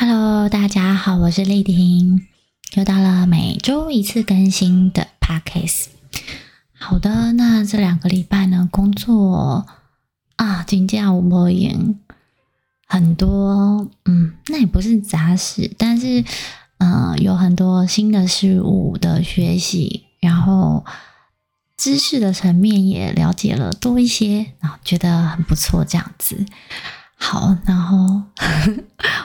Hello，大家好，我是麗婷，又到了每周一次更新的 Podcast。好的，那這兩個禮拜呢，工作啊，請假我演很多，嗯，那也不是雜事，但是嗯、呃，有很多新的事物的學習，然後知識的層面也了解了多一些，然後覺得很不錯，這樣子。好，然後呵呵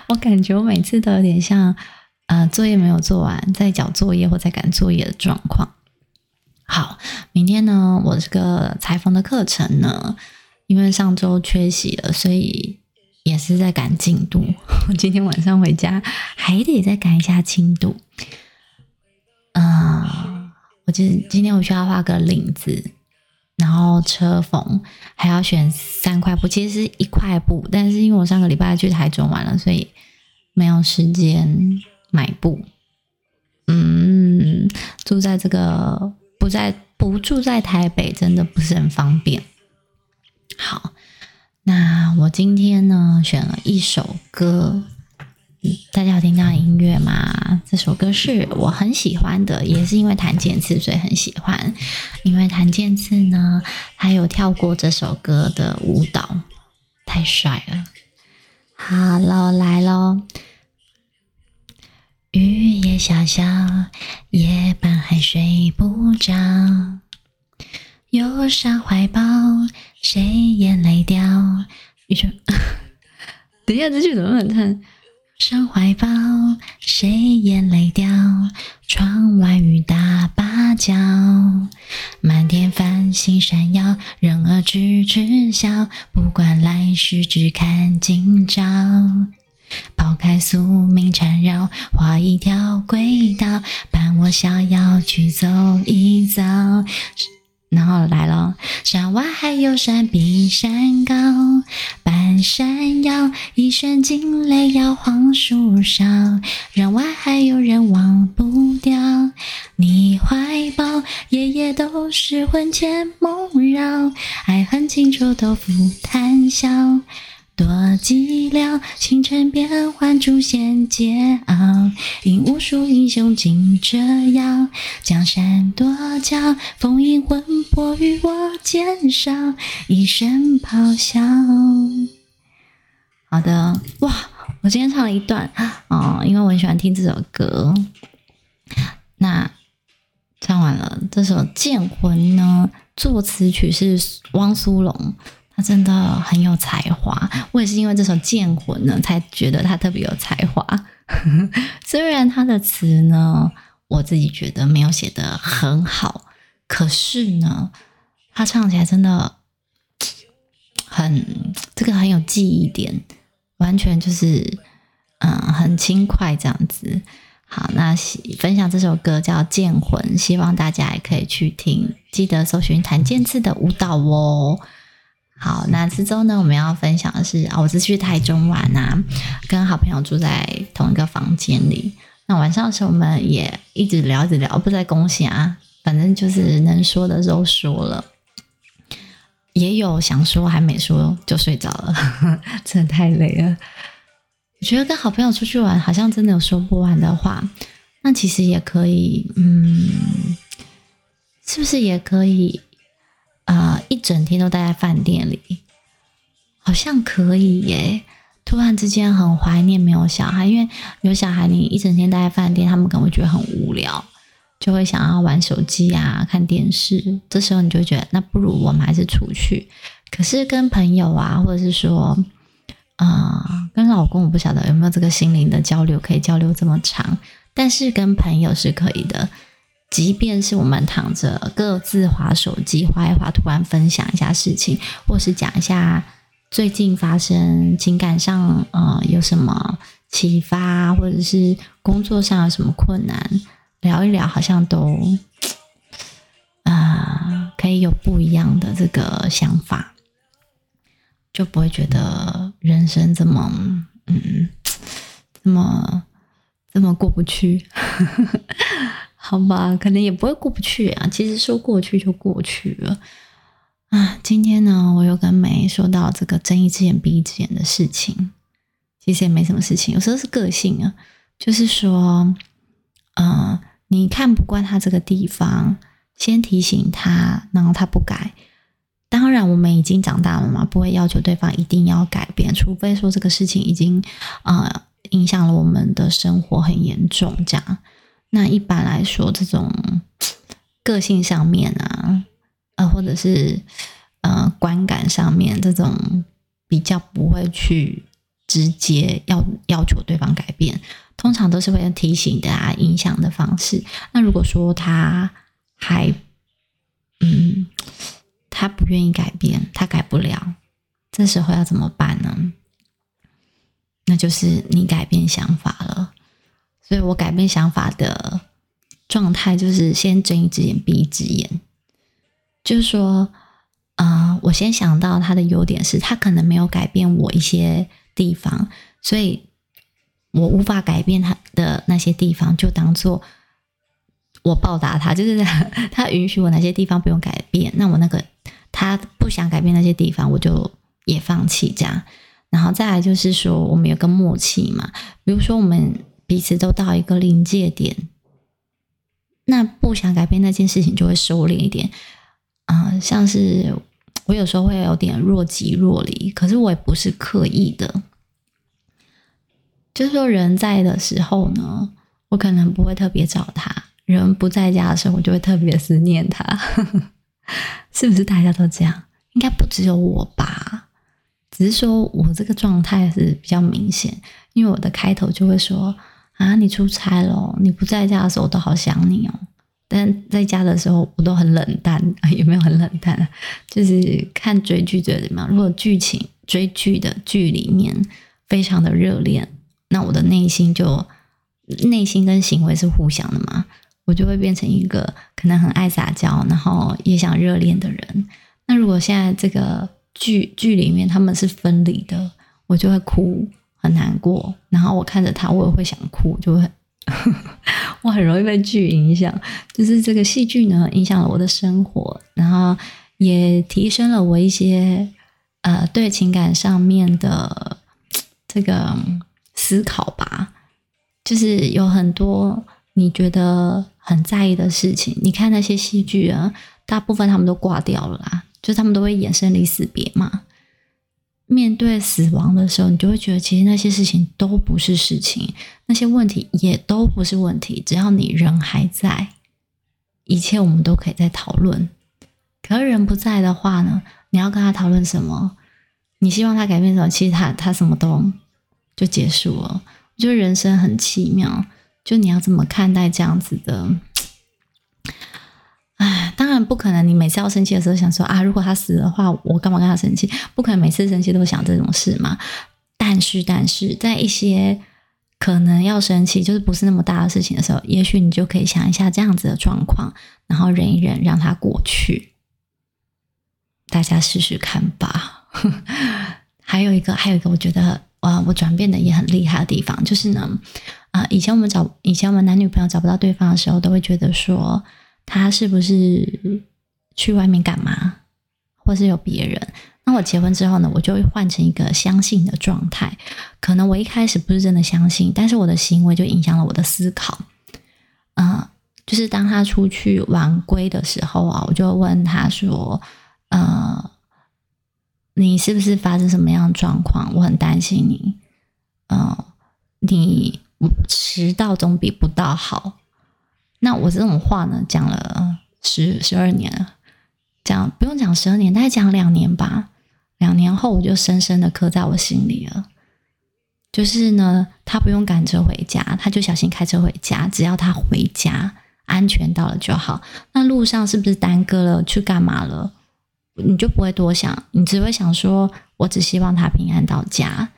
我感覺我每次都有點像，呃，作業沒有做完，在交作業或在趕作業的狀況。好，明天呢，我這個裁縫的課程呢，因為上周缺席了，所以也是在趕進度。今天晚上回家還得再趕一下進度。啊、呃，我就是今天我需要畫個領子。然後車縫還要選三塊布，其實是一塊布，但是因為我上個禮拜去台中玩了，所以沒有時間買布。嗯，住在這個，不在，不住在台北，真的不是很方便。好，那我今天呢，選了一首歌。大家有聽到音樂嗎？這首歌是我很喜歡的，也是因為檀健次，所以很喜歡。因為檀健次呢，還有跳過這首歌的舞蹈，太帥了。哈嘍，來嘍。雨也瀟瀟，夜半還睡不着，憂傷懷抱，誰眼淚掉？你說， 等一下這句怎麼那麼燙傷懷抱，誰眼淚掉？窗外雨打芭蕉，漫天繁星閃耀，人兒痴痴笑。不管來世，只看今朝。拋開宿命纏繞，畫一條軌道，伴我逍遙去走一遭。然、no, 後來了，山外還有山，比山高，半山腰一聲驚雷，搖晃樹梢。人外還有人，忘不掉你懷抱，夜夜都是魂牽夢繞，愛恨情仇都付談笑。多寂寥，星辰變換，誅仙桀驁，引無數英雄競折腰。江山多嬌，封印魂魄於我劍鞘，一聲咆哮。好的，哇，我今天唱了一段、嗯、因為我很喜歡聽這首歌。那唱完了，這首《劍魂》呢，作詞曲是汪蘇瀧。他真的很有才華，我也是因為這首《劍魂》呢，才覺得他特別有才華。 雖然他的詞呢，我自己覺得沒有寫得很好，可是呢，他唱起來真的很這個，很有記憶點，完全就是嗯，很輕快這樣子。好，那喜分享這首歌叫《劍魂》，希望大家也可以去聽，記得搜尋檀健次的舞蹈哦。好，那這週呢，我們要分享的是啊，我是去台中玩啊，跟好朋友住在同一個房間裡。那晚上的時候，我們也一直聊一直聊，不在公屏啊，反正就是能說的都說了，也有想說還沒說就睡着了， 真的太累了。我覺得跟好朋友出去玩，好像真的有說不完的話，那其實也可以，嗯，是不是也可以？呃，一整天都待在飯店裡，好像可以耶。突然之間很懷念沒有小孩，因為有小孩你一整天待在飯店，他們可能會覺得很無聊，就會想要玩手機啊、看電視。這時候你就覺得，那不如我們還是出去。可是跟朋友啊，或者是說，啊、呃，跟老公，我不曉得有沒有這個心靈的交流可以交流這麼長，但是跟朋友是可以的。即便是我們躺着各自滑手機，滑一滑，突然分享一下事情，或是講一下最近發生情感上呃有什麼啟發，或者是工作上有什麼困難，聊一聊，好像都，呃，可以有不一樣的這個想法，就不會覺得人生這麼嗯，這麼這麼過不去。 好吧，可能也不會過不去啊。其實說過去就過去了啊。今天呢，我又跟梅說到這個睜一隻眼閉一隻眼的事情，其實也沒什麼事情。有時候是個性啊，就是說，呃，你看不慣他這個地方，先提醒他，然後他不改。當然，我們已經長大了嘛，不會要求對方一定要改變，除非說這個事情已經，呃，影響了我們的生活很嚴重，這樣。那一般來說，這種個性上面啊，呃，或者是呃觀感上面，這種比較不會去直接要要求對方改變，通常都是會用提醒的啊、影響的方式。那如果說他還嗯，他不願意改變，他改不了，這時候要怎麼辦呢？那就是你改變想法了。對我改變想法的狀態，就是先睜一隻眼閉一隻眼，就是說，啊、呃，我先想到他的優點，是他可能沒有改變我一些地方，所以我無法改變他的那些地方，就當做我報答他，就是他允許我哪些地方不用改變，那我那個他不想改變那些地方，我就也放棄這樣。然後再來就是說，我們有個默契嘛，比如說我們。一直都到一個臨界點，那不想改變那件事情就會收斂一點。啊、呃，像是我有時候會有點若即若離，可是我也不是刻意的。就是說，人在的時候呢，我可能不會特別找他；人不在家的時候，我就會特別思念他。 是不是大家都這樣？應該不只有我吧？只是說我這個狀態是比較明顯，因為我的開頭就會說。啊，你出差咯，你不在家的時候，我都好想你哦、喔。但在家的時候，我都很冷淡，啊、有沒有很冷淡？就是看追劇這裡嘛。如果劇情追劇的劇裡面非常的熱戀，那我的內心就內心跟行為是互相的嘛，我就會變成一個可能很愛撒嬌，然後也想熱戀的人。那如果現在這個劇劇裡面他們是分離的，我就會哭。很難過，然後我看着他，我也會想哭，就會 我很容易被劇影響，就是這個戲劇呢影響了我的生活，然後也提升了我一些呃對情感上面的這個思考吧。就是有很多你覺得很在意的事情，你看那些戲劇啊，大部分他們都掛掉了啦，就是他們都會演生離死別嘛。面對死亡的時候，你就會覺得，其實那些事情都不是事情，那些問題也都不是問題。只要你人還在，一切我們都可以再討論。可是人不在的話呢？你要跟他討論什麼？你希望他改變什麼？其實他他什麼都就結束了。我覺得人生很奇妙，就你要怎麼看待這樣子的。那不可能！你每次要生氣的時候，想說啊，如果他死的話，我幹嘛跟他生氣？不可能每次生氣都想這種事嘛。但是，但是在一些可能要生氣，就是不是那麼大的事情的時候，也許你就可以想一下這樣子的狀況，然後忍一忍，讓他過去。大家試試看吧。 還有一個，還有一個，我覺得哇，我轉變的也很厲害的地方，就是呢，啊、呃，以前我們找以前我們男女朋友找不到對方的時候，都會覺得說。他是不是去外面幹嘛，或是有別人？那我結婚之後呢，我就會換成一個相信的狀態。可能我一開始不是真的相信，但是我的行為就影響了我的思考。呃，就是當他出去晚歸的時候啊，我就問他說：“呃，你是不是發生什麼樣的狀況？我很擔心你。嗯、呃，你遲到總比不到好。”那我這種話呢，講了十十二年了，講，不用講十二年，大概講兩年吧。兩年後我就深深的刻在我心裡了。就是呢，他不用趕車回家，他就小心開車回家。只要他回家，安全到了就好。那路上是不是耽擱了？去幹嘛了？你就不會多想，你只會想說：我只希望他平安到家。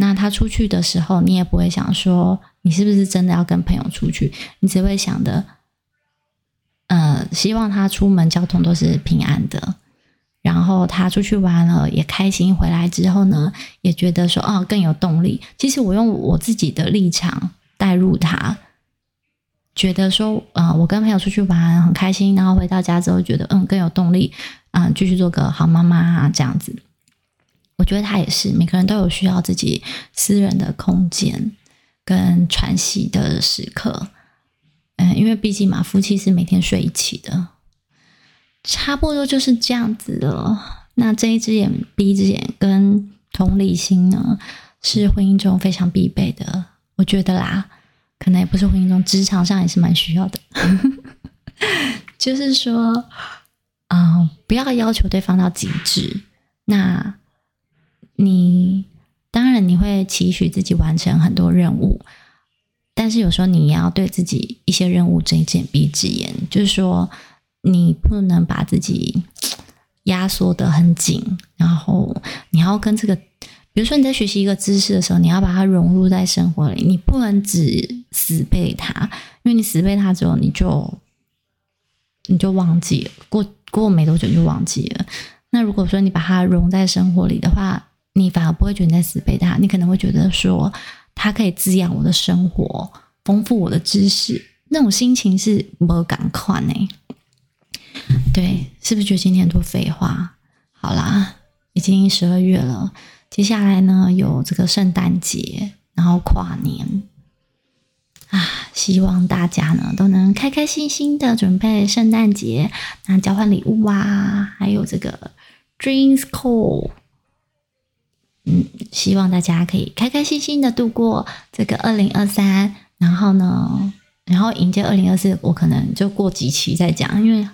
那他出去的時候，你也不會想說你是不是真的要跟朋友出去，你只會想的，呃，希望他出門交通都是平安的，然後他出去玩了也開心，回來之後呢，也覺得說，哦，更有動力。其實我用我自己的立場帶入他，覺得說，呃，我跟朋友出去玩很開心，然後回到家之後覺得，嗯，更有動力，啊，呃，繼續做個好媽媽啊，這樣子。我覺得他也是，每個人都有需要自己私人的空間跟喘息的時刻。嗯，因為畢竟嘛，夫妻是每天睡一起的，差不多就是這樣子了。那睜一隻眼、閉一隻眼跟同理心呢，是婚姻中非常必備的，我覺得啦，可能也不是婚姻中，職場上也是蠻需要的。 就是說，嗯，不要要求對方到極致，那。你當然你會期許自己完成很多任務，但是有時候你要對自己一些任務睜一隻眼閉一隻眼，就是說你不能把自己壓縮的很緊，然後你要跟這個，比如說你在學習一個知識的時候，你要把它融入在生活裡，你不能只死背它，因為你死背它之後，你就你就忘記了，過過沒多久就忘記了。那如果說你把它融在生活裡的話，你反而不會覺得你在自卑，他，你可能會覺得說，它可以滋養我的生活，豐富我的知識，那種心情是有感款呢。對，是不是覺得今天很多廢話？好啦，已經十二月了，接下來呢有這個聖誕節，然後跨年啊，希望大家呢都能開開心心的準備聖誕節，那交換禮物啊，還有這個 Dreams Call。嗯，希望大家可以開開心心的度過這個二零二三，然後呢，然後迎接二零二四。我可能就過幾期再講，因為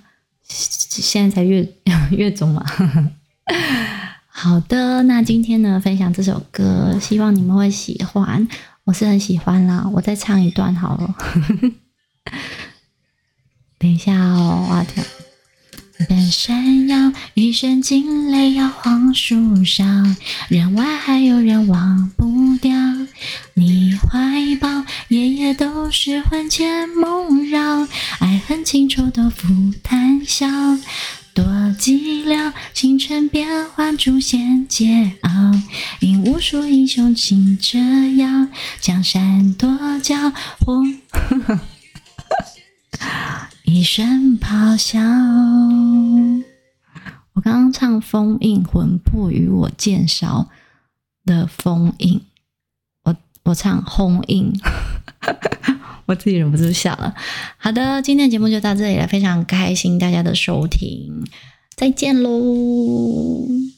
現在才月月中嘛。 好的，那今天呢分享這首歌，希望你們會喜歡。我是很喜歡啦，我再唱一段好了。 等一下哦，我的天。半山腰，一聲驚雷搖晃樹梢，人外還有人忘不掉。你懷抱，夜夜都是魂牽夢繞，愛恨情仇都付談笑。多寂寥，星辰變幻誅仙桀驁，引無數英雄競折腰。江山多嬌，我。 一聲咆哮，我剛剛唱《封印魂魄與我劍鞘》的封印，我我唱轟印， 我自己忍不住笑了。好的，今天的節目就到這裡了，非常開心大家的收聽，再見嘍。